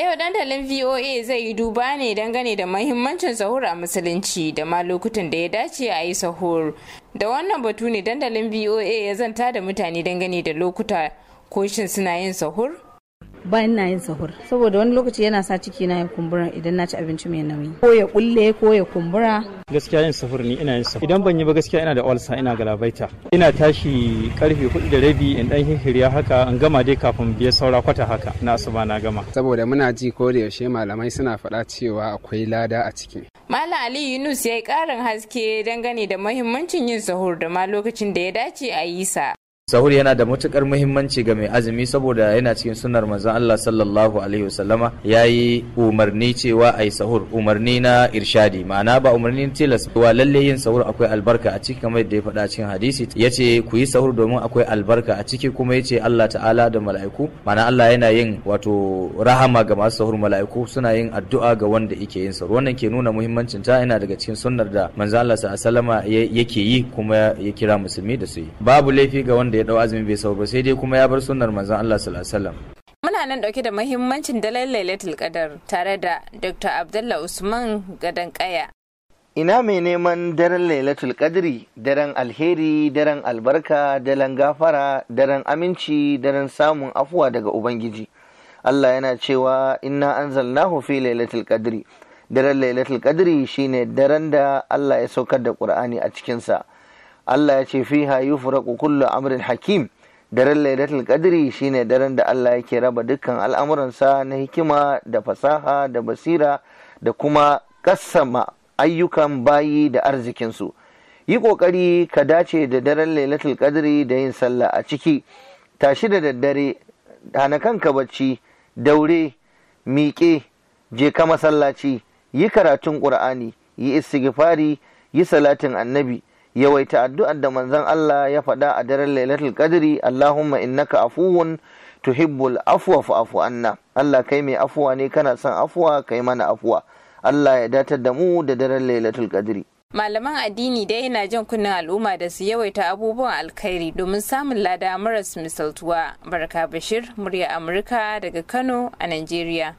yau dandalin VOA zai yi duba ne dangane da mahimmancin sahur a musulunci da ma lokutan da ya dace a yi sahur. Da wannan batu ne dandalin VOA ya zanta da mutane dangane da lokuta ko shin suna yin sahur? ba na yin sahur saboda wani lokaci yana sa ciki na yin kumbura idan na ci abinci mai nauyi ko ya kulle ko ya kumbura gaskiya yin sahur ni ina yin sahur idan ban yi ba gaskiya ina da ulsa ina galabaita ina tashi karfe hudu da rabi in dan hihiriya haka an gama dai kafin biye saura kwata haka na asuba na gama saboda muna ji ko da yaushe malamai suna faɗa cewa akwai lada a ciki Malam Ali Yunus ya yi ƙarin haske dangane da mahimmancin yin sahur da ma lokacin da ya dace a yi sa. sahur yana da matukar muhimmanci ga mai azumi saboda yana cikin sunnar manzon Allah sallallahu alaihi wasallama yayi umarni cewa ai sahur umarni na irshadi ma'ana ba umarni na tilas wa lalle yin sahur akwai albarka a ciki kamar yadda ya faɗa cikin hadisi yace ku yi sahur domin akwai albarka a ciki kuma ya ce Allah ta'ala da mala'iku ma'ana Allah yana yin wato rahama ga masu sahur mala'iku suna yin addu'a ga wanda yake yin sahur wannan ke nuna muhimmancin ta yana daga cikin sunnar da manzon Allah sallallahu alaihi wasallama yake yi kuma ya kira musulmi da su babu laifi ga wanda wanda ya dau azumi bai sauka sai dai kuma ya bar sunnar manzon Allah sallallahu alaihi wasallam muna nan dauke da muhimmancin dalar lailatul qadar tare da Dr. Abdullah Usman Gadankaya ina mai neman daren lailatul qadri daren alheri daren albarka daren gafara daren aminci daren samun afuwa daga ubangiji allah yana cewa inna anzalnahu fi lailatul qadri daren lailatul qadri shine daren da allah ya saukar da qur'ani a cikinsa Allah ya ce fiha yufraqu kullu amrin hakim daren lailatul qadri shine daren da Allah yake raba dukkan al'amuransa na hikima da fasaha da basira da kuma kassama ayyukan bayi da arzikinsu yi kokari ka dace da daren lailatul qadri da yin sallah a ciki tashi da daddare hana kanka bacci daure miƙe je ka masallaci yi karatun ƙur'ani yi istighfari yi salatin annabi yawaita addu'ar da manzon Allah ya faɗa a daren Lailatul Qadri Allahumma innaka afuwun tuhibbul afwa fa'fu anna Allah kai mai afuwa ne kana son afuwa kai mana afuwa Allah ya datar da mu da daren Lailatul Qadri Malaman addini dai yana jan kunnen al'umma da su yawaita abubuwan alkhairi domin samun lada maras misaltuwa. Barka Bashir, murya Amurka daga Kano a Najeriya.